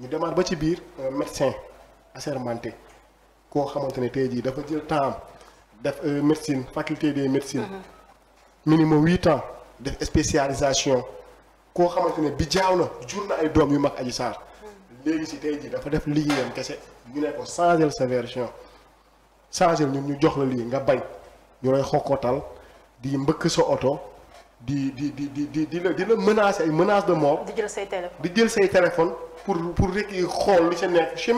ñu demaat ba ci biir un euh, médecin assermenté koo xamante ne tey jii dafa jël temps def euh, médecine faculté des médecines. Mm-hmm. minimum huit ans def spécialisation koo xamante ne bi jaaw na jur na ay doom yu mag Adji Sarr mm-hmm. léegi si tey jii dafa def liggéeyam kese ñu ne ko changer sa version changer ñun ñu jox la lii nga bañ ñu lay xokkotal di mbëkk sa oto. di di di di di di la di la menacer ay menace de mort. di jël say téléphone di pour pour rek xool li sa nekk je sais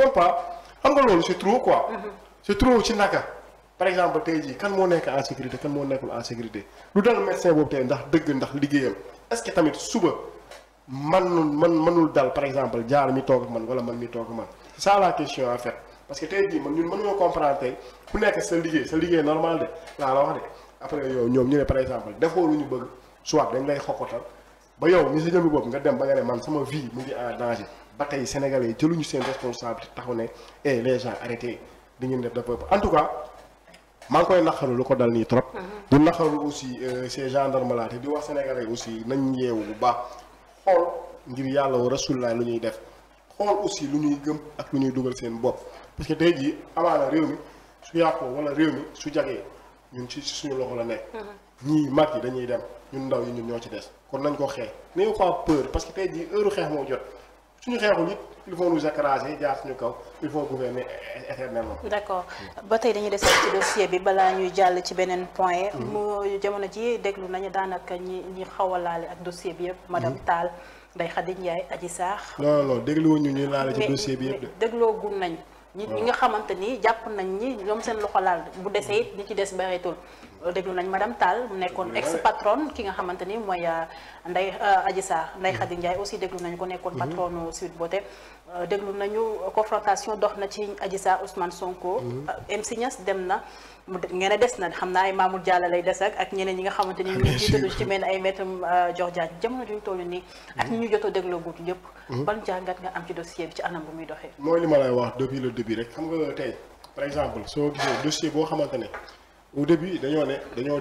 xam nga loolu c'est trop quoi. Mhm. c'est trop ci naka. par exemple tey jii kan moo nekk en sécurité kan moo nekkul en sécurité lu dal médecin boobu ndax dëgg ndax liggéeyam est-ce tamit suba man man mënul dal par exemple jaar mi toog man wala man mi toog man c'est ça la question en fait parce que tey man ñun mënuñoo comprendre tey ku nekk sa liggéey sa liggéey normal de laa la wax de après ñu par exemple defoo lu ñu bëgg. soit dañ lay xoxotal ba yow mi sa jëmi bopp nga dem ba nga ne man sama vie mu ngi en danger ba tey sénégalais yi ñu seen responsabilité taxu ne eh les gens arrêté di ngeen def dafa en tout cas maa ngi koy naqaru lu ko dal nii trop. Uh-huh. di naqaru aussi euh, ces gendarmes là te di wax sénégalais aussi nañ yeewu bu baax xool ngir yàlla wa rasulullah lu ñuy def xool aussi lu ñuy gëm ak lu ñuy dugal seen bopp parce que tey jii amaana réew mi su yàqoo wala réew mi su jagee. ñun ci suñu loxo la nekk. Mm-hmm. ñii mag yi dañuy dem ñun ndaw ñun ñoo ci des kon nañ ko xeex n'ayez pas peur parce que tey jii heure xeex moo jot suñu xeexul it il faut nous écraser jaar suñu kaw il faut gouverner éternellement. d' accord ba tey dañuy des ci dossier bi balaa ñuy jàll ci beneen point. Mm-hmm. mu jamono ji déglu nañu daanaka ñi ñi xaw laale ak dossier bi yëpp. Mm-hmm. madame Tall Ndeye Khady Ndiaye Adji Sarr. non non dégluwuñu ñu laale ci dossier bi yëpp de. dégloo gun ñi ñi nga xamante ni jàpp nañ ñi ñoom seen loxo laal bu desee it ñi ci des bareetul déglu nañ madame Tall mu nekkoon ex patronne ki nga xamante ni mooy euh, Ndeye euh, Adji Sarr Ndeye mm-hmm. Khady Ndiaye aussi déglu nañ ko nekkoon mm-hmm. patronne Sweet Beauté euh, déglu nañu confrontation dox na ci Adji Sarr Ousmane Sonko. MC mm-hmm. Niass dem na mu ngeen a des na xam naa ay Mamour Diallo lay des ak ak ñeneen ñi nga xamante ni ñu ngi ciy tudd ci mel ay mettam jox jaaj jamono juñ toll nii. ak ñi ñu jot a dégloo guut yëpp. ban jàngat nga am ci dossier bi ci anam bu muy doxee. mooy li ma lay wax boo xamante ne au début dañoo ne dañoo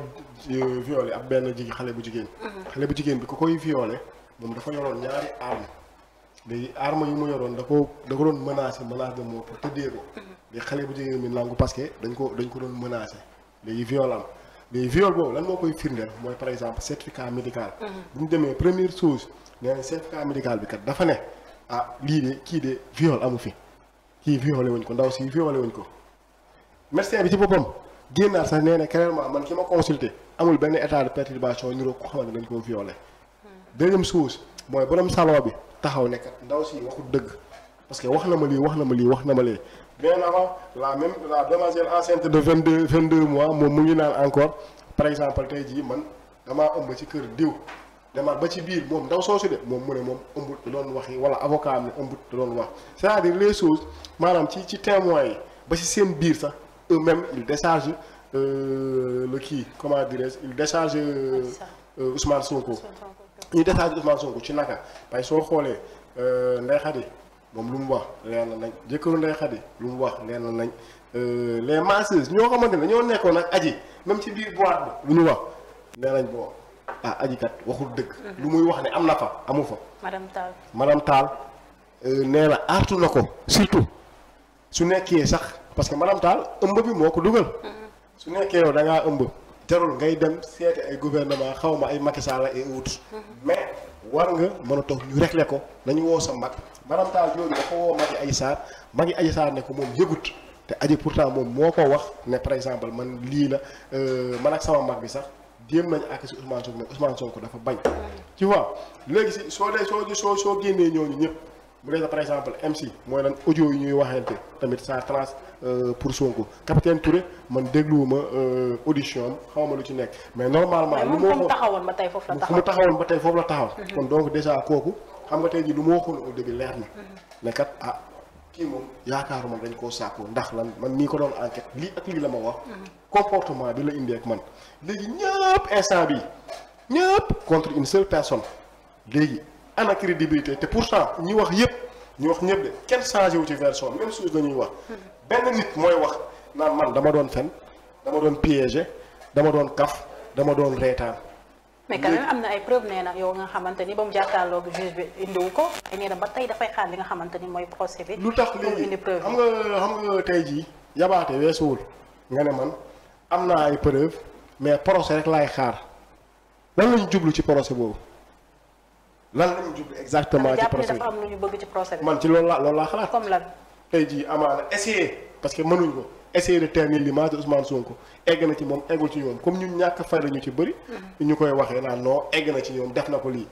euh, violé ab benn jig xale bu jigéen. Mhm. xale bu jigéen bi ku koy viole moom dafa yoroon ñaari arme léegi arme yi mu yoroon da ko da ko doon menacé menace de mort pour tëddee ko. Mhm. léegi xale bu jigéen bi nangu parce que dañ ko dañ ko doon menacé léegi viol am léegi viol boobu lan moo koy firndeel mooy par exemple certificat médical. Mhm. bu ñu demee première chose nee nañ certificat médical bi kat dafa ne ah lii de kii de viol amu fi kii violé wuñ ko ndaw si violé wuñ ko bi ci boppam. génnaat sax nee na carrément man ki ma consulté amul benn état de perturbation niroo ko xamante dañ ko violé deuxième chose mooy borom salon bi taxaw ne ndaw si waxul dëgg parce que wax na ma lii wax na ma lii wax na ma lii bien avant la même la demoiselle enceinte de vingt deux vingt deux mois moom mu ngi naan encore par exemple tey jii man damaa ëmb ci kër diw demaat ba ci biir moom ndaw soosu de moom mu ne moom ëmbut da doon wax yi wala avocat am ne ëmbut da doon wax c'est-à-dire les choses maanaam ci ci témoins yi ba ci seen biir sax eux-mêmes ils déchargent euh, kii comment dirais-je ils déchargent euh, Ousmane Sonko. ñu déchargent ci naka waaye soo xoolee euh, Ndeye yi moom lu mu wax leer na nañ jëkkëru Ndeye Khady lu mu wax leer na nañ euh, les masseuses ñoo xamante ne ñoo nekkoon ak aji même ci biir boîte bi lu ñu wax nee nañ boo ah ajikat waxul dëkk mm-hmm. lu muy wax ne am na fa amu fa. madame Tall madame Tall euh, nee na aartu na ko surtout. su nekkee sax parce que maanaam taal ëmb bi moo ko dugal. su nekkee yow da ngaa ëmb. jarul ngay dem seeti ay gouvernement xaw ma ay Macky la ay autres. mais war nga mën a toog ñu réglé ko nañu woo sa mag. maanaam taal yooyu dafa woo Macky Aji Sarr Macky Aji Sarr ne ko moom yëgut te aji pourtant moom moo ko wax ne par exemple man lii la euh, man ak sama mag bi sax. jéem nañu àgg si Ousmane Sonko mais Ousmane ko dafa bañ. tu vois léegi si soo dee soo soo soo génnee ñooñu ñëpp. mu dee par exemple MC mooy lan audio yi ñuy waxante tamit ça trace euh, pour Sonko capitaine Touré man dégluwuma euh, audition am xawma lu ci nekk mais normalement. lu ma waxoon taxawoon ba tey foofu la taxaw fu mu taxawoon ba tey foofu la taxaw. Mhm. kon donc déjà kooku xam nga tey jii lu ma waxoon au début leer na. Mhm. ne kat ah kii moom yaakaaruma dañ koo sàkku ndax lan man mii ko doon enquête lii ak lii la ma wax. Mhm. comportement bi la indi ak man léegi ñëpp instant bi ñëpp contre une seule personne léegi. ana crédibilité te pourtant ñi wax yëpp wax ñëpp de kenn changé wu ci version même chose ñuy wax. benn nit mooy wax naan man dama doon fen dama doon piégé dama doon kaf dama doon reetaan. mais quand même am na ay preuve nee na yow xamante ni ba mu jàkkaarloog juge bi indiwu ko. ay nee na ba tey dafay xaar li nga xamante ni mooy procès bi. lu tax léegi xam nga xam nga tey jii yabaate weesuwul nga ne man am naa ay preuve mais procès rek laay xaar lan lañu jublu ci procès boobu. lan lañu jublu exactement ci procès dafa am lu ñu bëgg ci procès bi man ci loolu laa loolu laa xalaat comme lan tey jii amaana essayer parce mënuñ ko essayer de ternir l'image de Ousmane Sonko egg na ci moom eggul ci ñoom comme ñun ñàkk fay la ñu ci bëri mhm. ñu koy waxee naan non egg na ci ñoom def na ko lii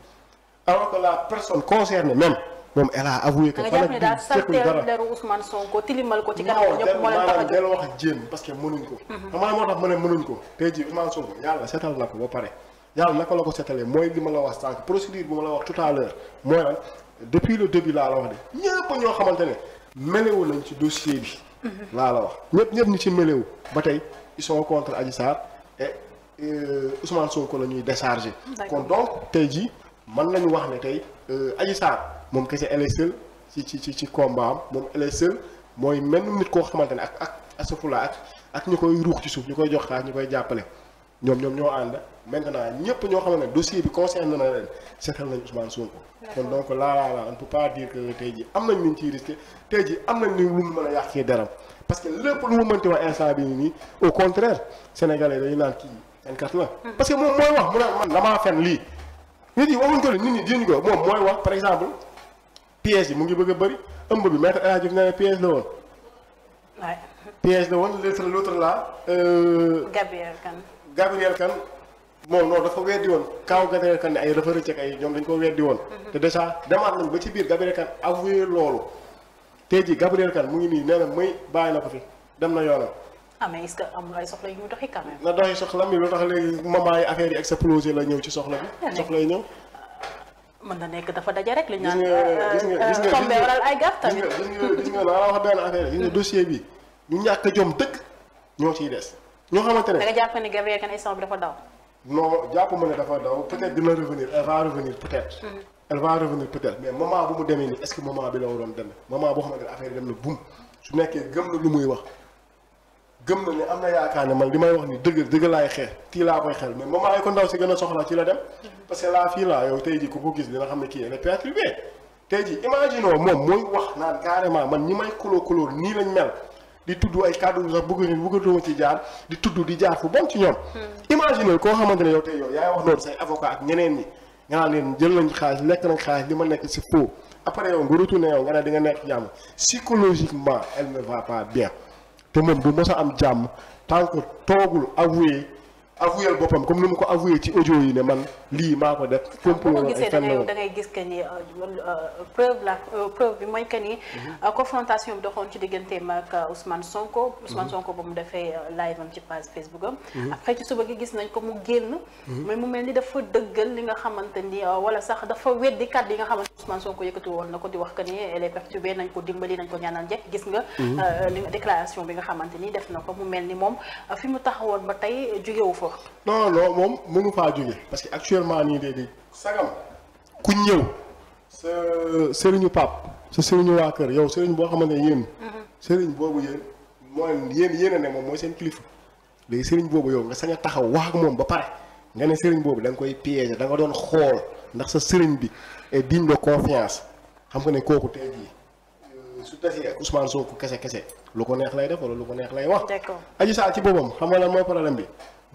alors que la personne concernée même moom a avoué que fan ak tilimal ko ci kanam ñëpp moo leen tax parce que mënuñ ko mhm. xam nga moo tax ma ne mënuñ ko tey jii Ousmane Sonko yàlla seetal na ko ba pare yàlla naka la ko setalee mooy li ma la wax sànq procédure bi ma la wax tout à l'heure mooy lan depuis le début laa la wax de ñëpp ñoo xamante ne melewu nañ ci dossier bi. laa la wax ñëpp ñëpp ñi ci melewu ba tey ils sont aji Adji Sarr et euh, Ousmane la ñuy décharger. kon donc tey jii man nañu wax ne tey euh, aji Sarr moom kese elle est seule ci ci ci ci combat am moom elle mooy même nit koo xamante ne ak ak asafula ak ak ñu koy ruux ci suuf ñu koy jox xaar ñu koy jàppale. ñoom ñoom ñoo ànd maintenant ñëpp ñoo xam ne dossier bi concerne na leen seetal nañ Ousmane Sonko. kon donc laa laa laa on peut pas dire que am nañ ñu ciy risqué tey jii am nañ lu mu mën a yàq ci deram parce que lépp lu mu mënti wax instant bi nii au contraire sénégalais dañu naan kii fenkat la. Hmm. parce que moom mooy wax mu a man damaa fen lii. nit yi waxuñ ko nit ñi diñu ko moom mooy wax par exemple piège yi mu ngi bëgg a bëri ëmb bi maître El Hadj Diouf na woon. piège la woon l'autre l'autre là. Euh, Gabriel Kane. Gabriel Kane moom loolu dafa weddi woon kaaw Gabriel Kane ne ay rëfa rëcc ak ay ñoom dañ ko weddi woon te dèjà demaat nañ ba ci biir Gabriel Kane avoué loolu tey jii Gabriel Kane mu ngi nii nee na muy bàyyi na ko fi dem na yoonam ah mais est am ay soxla yu ñu doxi quand même. na doxi soxla mi lu tax léegi moment yi affaire yi la ñëw ci soxla bi. soxla yi na nekk dafa daje rek. li ñu naan tombé waral ay benn affaire gis nga dossier bi ñu ñàkk jom dëkk ñoo ciy des. ñoo xamante ne da nga jàpp ne Gabrielle Kane instant bi dafa daw. non jàpp ma ne dafa daw peut-être dina revenir elle va revenir peut-être. Mm-hmm. elle revenir peut mais moment bu mu demee nii est-ce bi la waroon demee moment boo xamante ne affaire dem na bum su nekkee gëm na lu muy wax gëm na ne am na yaakaar ne man li may wax ni dëgg dëgg laay xeex tii laa koy xel mais moment yi ko ndaw si gën a soxla ci la dem. Mm-hmm. parce que la fii laa yow tey jii ku ko gis dina xam ne kii wax naan carrément man ñi may kuloo kuloo nii lañ mel. di tudd ay kàddu sax bëgg bëggatuma ci jaar di tudd di jaar fu bon ci ñoom. Hmm. imagine koo xamante ne yow tey yow yaay wax noonu say avocat ak ñeneen ñi nga naan leen jël nañ xaalis lekk nañ xaalis li ma nekk si faux après yow nga retourné yow nga ne di nga nekk jàmm psychologiquement elle ne va te moom du mos a am jàmm tant que toogul avoué. avoué boppam comme ni mu ko avoué ci audio yi ne man lii maa ko def. complot da ngay gis que ni euh, euh, preuve la euh, preuve bi mooy que ni. Mhm. confrontation bi doxoon ci digganteem ak Ousmane Sonko. Mhm. Ousmane Sonko ba mu defee live am ci page Facebook am. Mhm. après ci suba gi gis nañ ko mu génn. mais mu mel ni dafa dëggal li nga xamante ni wala sax dafa weddi kàddu yi nga xamante ni Ousmane Sonko yëkkati woon na ko di wax que ni elle est nañ ko dimbali nañ ko ñaanal njëkk gis nga. déclaration bi nga xamante ni def na ko mu mel ni moom fi ko. non non moom mënu faa jóge parce que actuellement nii de di sagam ku ñëw sa sëriñu pap sa sëriñu waa kër yow sëriñ boo xamante ne yéen. Mm-hmm. sëriñ boobu yéen mooy yéen yéen a moom mooy seen kilifa léegi sëriñ boobu yow nga sañ taxaw wax ak moom ba pare nga ne sëriñ boobu da koy piéger da doon xool ndax sa sëriñ bi est digne de confiance xam nga ne kooku tey jii euh, su tasee ak Ousmane Sonko kese kese lu ko neex lay def wala lu ko neex lay wax. d'accord Adji ci boppam xam nga lan mooy problème bi.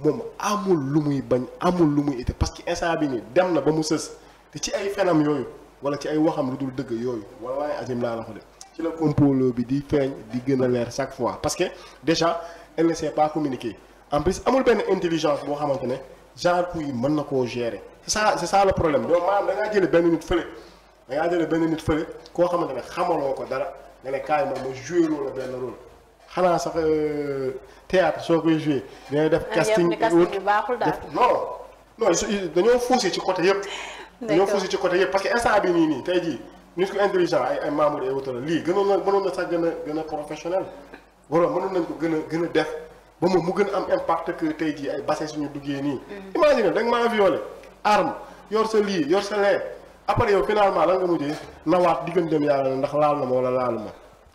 moom amul lu muy bañ amul lu muy ite parce que instant bi nii dem na ba mu sës te ci ay fenam yooyu wala ci ay waxam lu dul dëgg yooyu walaay Azim laa la ko ci la complot bi di feeñ di gën a leer chaque fois parce que déjà elle pas communiquer en plus amul benn intelligence boo xamante ne genre yi mën na koo gérer c'est ça c'est ça le problème donc maanaam da ngaa jële benn nit fële da ngaa jële benn nit fële koo xamante xamaloo ko dara nga ne kaay ma ma joué la xanaa sax euh, théâtre soo koy joué. dañuy def ah, casting wut baaxul daal non non dañoo fuusee ci côté yëpp. dañoo fuusee ci côté yëpp parce que instant bi nii nii tey jii nit ku intelligent ay ay Mamour lii gënoon na na sax gën a gën a professionnel waroon mënoon nañ gën a gën a def ba moom mu gën a am impact que tey jii ay bassin suñu duggee nii. Mhm. imagine da nga maa violé arme yor sa lii yor sa lee après yow finalement lan nga mujjee nawaat digganteem yàlla ndax laal na ma wala laalu ma.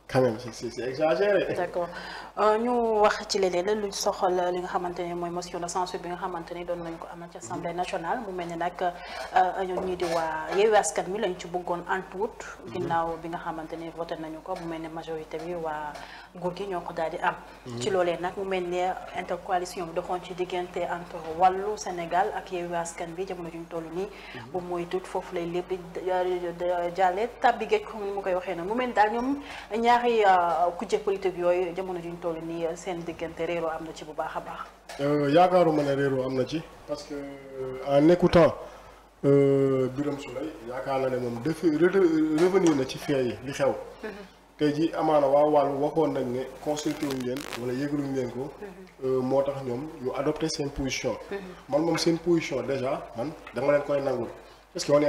quand même c'est exagéré. D'accord. ñu wax ci leneen lu soxal li nga xamante ne mooy motion de censure bi nga xamante ne doon nañ ko amal ci assemblée nationale mu mel ne nag euh, ñun ñii di waa Yewwi lañ ci bëggoon antuut mm-hmm. ginnaaw bi nga xamante ne voté nañu ko mu mel ne majorité bi waa nguur gi ñoo ko daal di am. Mm-hmm. ci loolee nag mu mel ne intercoalition bi doxoon ci diggante entre wàllu Sénégal ak Yewwi bi Wi jamono juñ toll nii. Mm-hmm. bu mooy tuut foofu lay lépp jàllee tabbi géej comme ni mu koy waxee noonu mu mel daal ñoom ñaari euh, kujje politique yooyu jamono juñ toll toll nii seen diggante réeroo am na ci bu baax a baax. Euh, yaakaaruma ne réeroo am na ci parce que euh, en écoutant euh, Birame Souleye yaakaar na ne moom def revenir na ci fee yi li xew. Mm-hmm. tey jii amaana waa wàllu waxoon nañ ne consulté wuñ leen wala yëgaluñ leen ko. Mm-hmm. moo tax ñoom ñu adopté seen position. Mm-hmm. man moom seen position déjà man dama leen koy nangul parce que